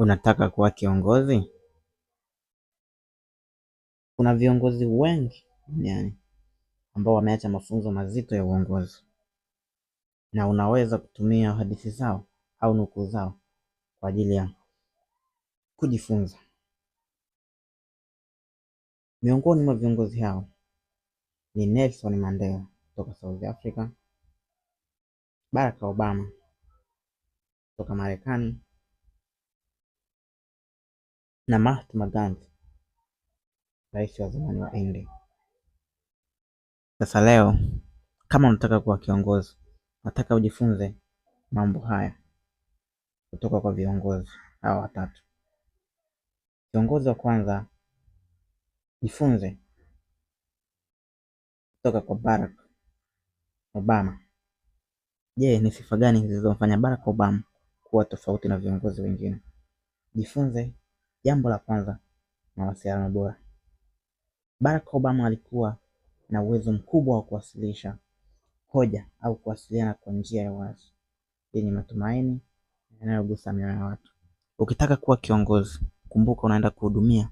Unataka kuwa kiongozi? Kuna viongozi wengi duniani ambao wameacha mafunzo mazito ya uongozi, na unaweza kutumia hadithi zao au nukuu zao kwa ajili ya kujifunza. Miongoni mwa viongozi hao ni Nelson Mandela kutoka South Africa, Barack Obama kutoka Marekani na Mahatma Gandhi, rais wa zamani wa India. Sasa leo kama unataka kuwa kiongozi, nataka ujifunze mambo haya kutoka kwa viongozi hawa watatu. Kiongozi wa kwanza, jifunze kutoka kwa Barack Obama. Je, ni sifa gani zilizomfanya Barack Obama kuwa tofauti na viongozi wengine? Jifunze Jambo la kwanza, mawasiliano bora. Barack Obama alikuwa na uwezo mkubwa wa kuwasilisha hoja au kuwasiliana kwa njia ya wazi yenye matumaini yanayogusa mioyo ya watu. Ukitaka kuwa kiongozi, kumbuka unaenda kuhudumia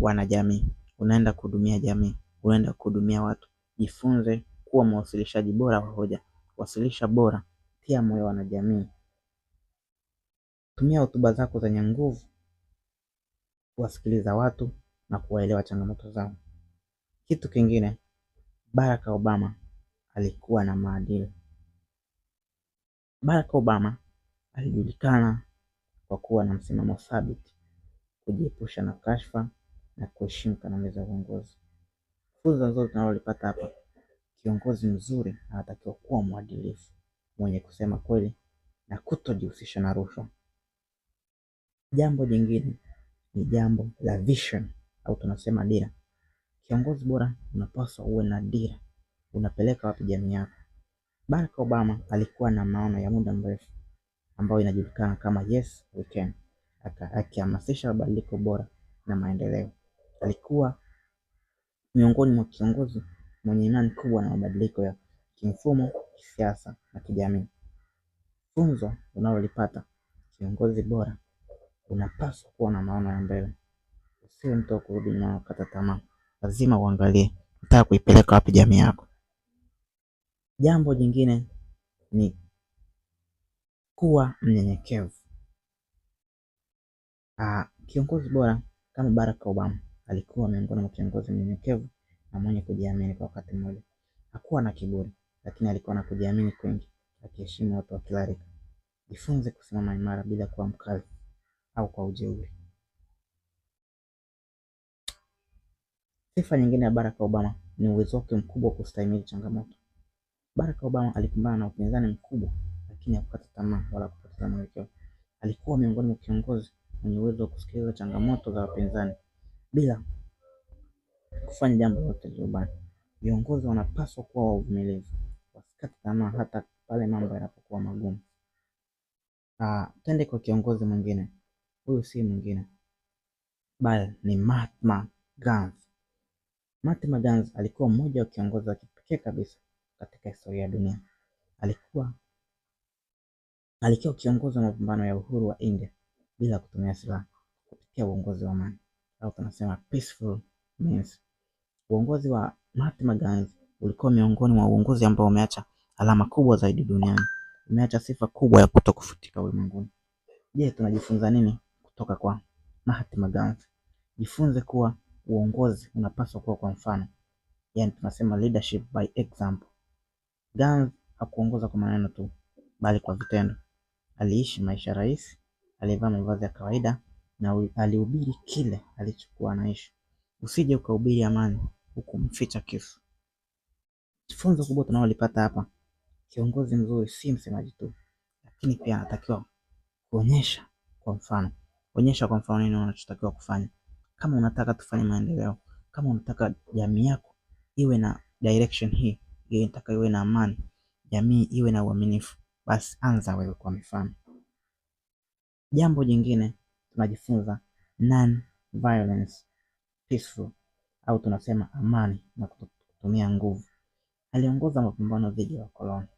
wanajamii, unaenda kuhudumia jamii, unaenda kuhudumia watu. Jifunze kuwa mwasilishaji bora wa hoja, wasilisha bora, tia moyo wanajamii. Tumia hotuba zako zenye nguvu kuwasikiliza watu na kuwaelewa changamoto zao. Kitu kingine, Barack Obama alikuwa na maadili. Barack Obama alijulikana kwa kuwa na msimamo thabiti, kujiepusha na kashfa na kuheshimu kanuni za uongozi. Funzo zote tunalolipata hapa, kiongozi mzuri anatakiwa kuwa mwadilifu, mwenye kusema kweli na kutojihusisha na rushwa. Jambo jingine ni jambo la vision au tunasema dira. Kiongozi bora unapaswa uwe na dira, unapeleka wapi jamii yako? Barack Obama alikuwa na maono ya muda mrefu ambayo inajulikana kama yes we can, akihamasisha mabadiliko bora na maendeleo. Alikuwa miongoni mwa kiongozi mwenye imani kubwa na mabadiliko ya kimfumo, kisiasa na kijamii. Funzo unalolipata kiongozi bora unapaswa kuwa na maono ya mbele, usiwe mtu wa kurudi nyuma ukata tamaa. Lazima uangalie unataka kuipeleka wapi jamii yako. Jambo jingine ni kuwa mnyenyekevu. Ah, kiongozi bora kama Barack Obama alikuwa miongoni mwa kiongozi mnyenyekevu na mwenye kujiamini kwa wakati mmoja. Hakuwa na kiburi, lakini alikuwa na kujiamini kwingi, akiheshimu watu wa kila rika. Jifunze kusimama imara bila kuwa mkali au kwa ujeuri. Sifa nyingine ya Barack Obama ni uwezo wake mkubwa wa kustahimili changamoto. Barack Obama alikumbana na upinzani mkubwa, lakini hakukata tamaa wala kupoteza mwelekeo. Alikuwa miongoni mwa kiongozi mwenye uwezo wa kusikiliza changamoto za wapinzani bila kufanya jambo lolote lilobaya. Viongozi wanapaswa kuwa wavumilivu, wasikate tamaa hata pale mambo yanapokuwa magumu. Uh, ah, tende kwa kiongozi mwingine huyu si mwingine bali ni Mahatma Gandhi. Mahatma Gandhi alikuwa mmoja wa kiongozi wa kipekee kabisa katika historia ya dunia. Alikuwa alikuwa kiongozi wa mapambano ya uhuru wa India bila kutumia silaha kupitia uongozi wa amani au tunasema peaceful means. Uongozi wa Mahatma Gandhi ulikuwa miongoni mwa uongozi ambao umeacha alama kubwa zaidi duniani, umeacha sifa kubwa ya kutokufutika ulimwenguni. Je, tunajifunza nini kutoka kwa Mahatma Gandhi. Jifunze kuwa uongozi unapaswa kuwa kwa mfano, yaani tunasema leadership by example. Gandhi hakuongoza kwa maneno tu, bali kwa vitendo. Aliishi maisha rahisi, alivaa mavazi ya kawaida na alihubiri kile alichokuwa anaishi. Usije ukahubiri amani huku mficha kisu. Funzo kubwa tunalolipata hapa, kiongozi mzuri si msemaji tu, lakini pia anatakiwa kuonyesha kwa mfano onyesha kwa mfano nini unachotakiwa kufanya. Kama unataka tufanye maendeleo, kama unataka jamii yako iwe na direction hii, unataka iwe na amani, jamii iwe na uaminifu, basi anza wewe kwa mfano. Jambo jingine tunajifunza non violence peaceful, au tunasema amani na kutumia nguvu. Aliongoza mapambano dhidi ya wakoloni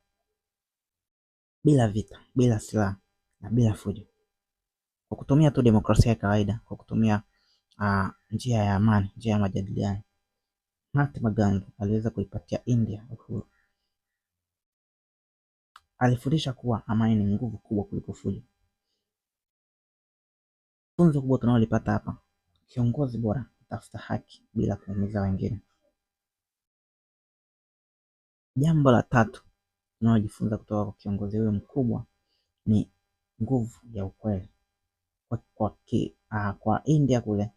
bila vita, bila silaha na bila fujo kwa kutumia tu demokrasia ya kawaida, kwa kutumia uh, njia ya amani, njia ya majadiliano. Mahatma Gandhi aliweza kuipatia India uhuru. Alifundisha kuwa amani ni nguvu kubwa kuliko fujo. Funzo kubwa tunalolipata hapa, kiongozi bora tafuta haki bila kuumiza wengine. Jambo la tatu tunalojifunza kutoka kwa kiongozi huyo mkubwa ni nguvu ya ukweli kwa, kwa, ki, uh, kwa India kule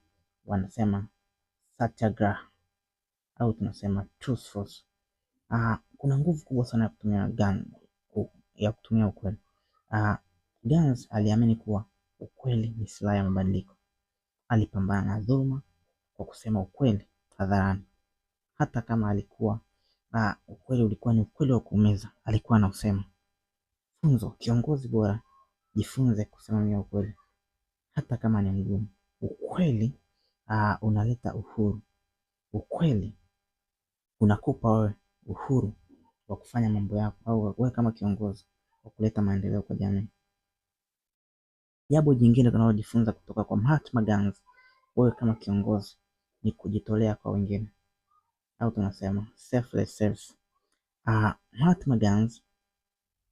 wanasema satyagraha au tunasema truthfulness. Uh, ah, kuna nguvu kubwa sana ya kutumia Gandhi, ya kutumia ukweli. Uh, Gans aliamini kuwa ukweli ni silaha ya mabadiliko. Alipambana na dhuluma kwa kusema ukweli hadharani, hata kama alikuwa uh, ukweli ulikuwa ni ukweli wa kuumiza, alikuwa anausema. Funzo: kiongozi bora, jifunze kusimamia ukweli hata kama ni mgumu. Ukweli uh, unaleta uhuru. Ukweli unakupa wewe uhuru wa kufanya mambo yako, au wewe kama kiongozi wa kuleta maendeleo kwa jamii. Jambo jingine tunalojifunza kutoka kwa Mahatma Gandhi, wewe kama kiongozi ni kujitolea kwa wengine, au tunasema selfless self. Uh, ah, Mahatma Gandhi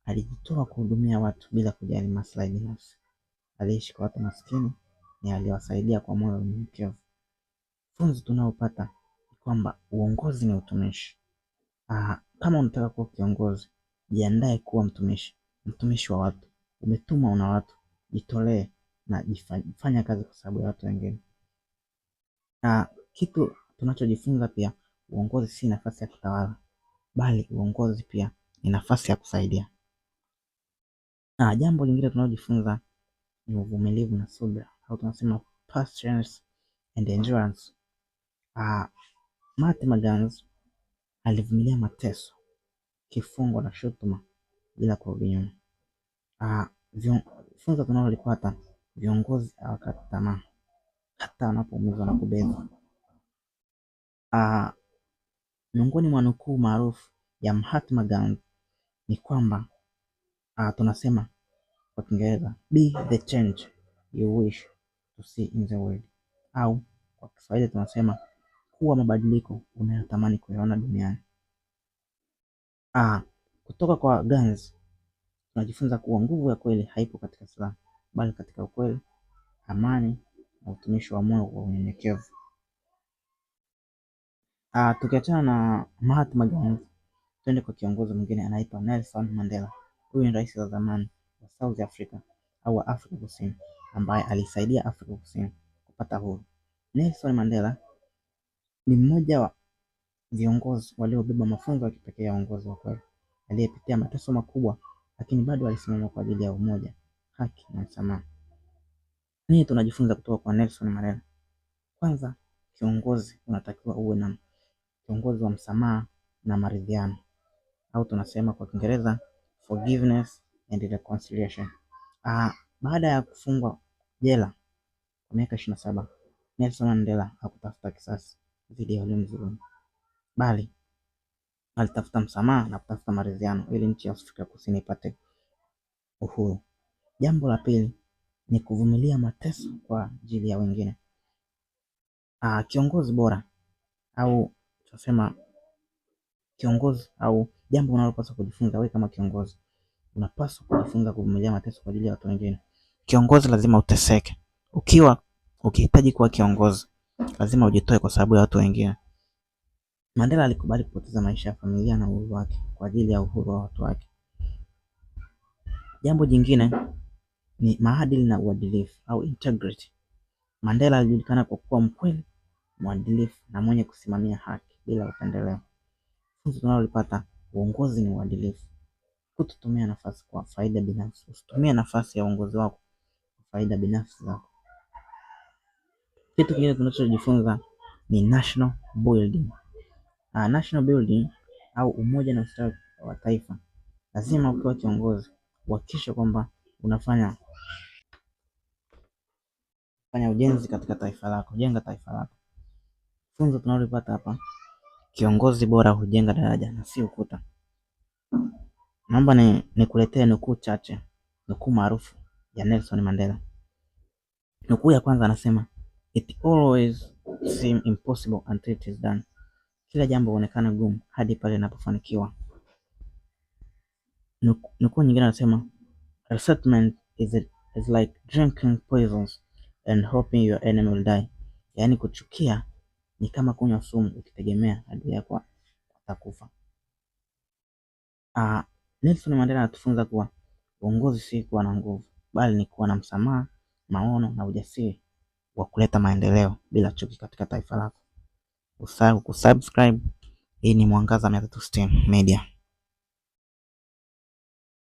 alijitoa kuhudumia watu bila kujali maslahi binafsi aliyeishi kwa watu maskini ni aliwasaidia kwa moyo mnyenyekevu. Funzo tunaopata ni kwamba uongozi ni utumishi. Aha, kama unataka kuwa kiongozi, jiandae kuwa mtumishi, mtumishi wa watu. Umetumwa una watu, jitolee na fanya kazi kwa sababu ya watu wengine. Na kitu tunachojifunza pia, uongozi si nafasi ya kutawala, bali uongozi pia ni nafasi ya kusaidia. Na jambo lingine tunalojifunza ni uvumilivu na subira, au tunasema patience and endurance. Uh, ah, Mahatma Gandhi alivumilia mateso, kifungo na shutuma bila kurudi nyuma. Uh, funzo tunalolipata, viongozi hawakati tamaa hata wanapoumizwa na kubezwa. Uh, miongoni mwa nukuu maarufu ya Mahatma Gandhi ni kwamba uh, tunasema kwa Kiingereza be the change you wish to see in the world, au kwa Kiswahili tunasema kuwa mabadiliko unayotamani kuyaona duniani. Ah, kutoka kwa Guns tunajifunza kuwa nguvu ya kweli haipo katika silaha, bali katika ukweli, amani na utumishi wa moyo wa unyenyekevu. Ah, tukiachana na Mahatma Gandhi, tuende kwa kiongozi mwingine anaitwa Nelson Mandela. Huyu ni rais wa zamani wa South Africa au wa Afrika Kusini ambaye alisaidia Afrika Kusini kupata uhuru. Nelson Mandela ni mmoja wa viongozi waliobeba mafunzo ya kipekee ya uongozi wa kweli, aliyepitia mateso makubwa, lakini bado alisimama kwa ajili ya umoja, haki na msamaha. Nini tunajifunza kutoka kwa Nelson Mandela? Kwanza, kiongozi unatakiwa uwe na kiongozi wa msamaha na maridhiano, au tunasema kwa Kiingereza forgiveness and reconciliation. Uh, baada ya kufungwa jela kwa miaka ishirini na saba Nelson Mandela hakutafuta kisasi dhidi ya waliomdhulumu, bali alitafuta msamaha na kutafuta maridhiano ili nchi ya Afrika Kusini ipate uhuru. Jambo la pili ni kuvumilia mateso kwa ajili ya wengine. Aa, ah, kiongozi bora au tunasema kiongozi au jambo unalopaswa kujifunza wewe kama kiongozi unapaswa kujifunza kuvumilia mateso kwa ajili ya watu wengine. Kiongozi lazima uteseke. Ukiwa ukihitaji kuwa kiongozi, lazima ujitoe kwa sababu ya watu wengine. Mandela alikubali kupoteza maisha ya familia na uhuru wake kwa ajili ya uhuru wa watu wake. Jambo jingine ni maadili na uadilifu au integrity. Mandela alijulikana kwa kuwa mkweli, mwadilifu na mwenye kusimamia haki bila upendeleo. Funzo tunalolipata, uongozi ni uadilifu. Hutotumia nafasi kwa faida binafsi. Usitumie nafasi ya uongozi wako kwa faida binafsi zako. Kitu kingine tunachojifunza ni national building. Uh, national building au umoja na ustawi wa taifa, lazima ukiwa kiongozi uhakikishe kwamba unafanya fanya ujenzi katika taifa lako, jenga taifa lako. Funzo tunalopata hapa, kiongozi bora hujenga daraja na si ukuta. Naomba ni nikuletee nukuu chache, nukuu maarufu ya Nelson Mandela. Nukuu ya kwanza anasema, it always seem impossible until it is done, kila jambo huonekana gumu hadi pale linapofanikiwa. Nukuu nyingine anasema, resentment is, is like drinking poisons and hoping your enemy will die, yaani kuchukia ni kama kunywa sumu ukitegemea adui yako atakufa. Uh, Nelson Mandela anatufunza kuwa uongozi si kuwa na nguvu, bali ni kuwa na msamaha, maono na ujasiri wa kuleta maendeleo bila chuki katika taifa lako. Usahau kusubscribe. Hii ni Mwangaza 360 Media.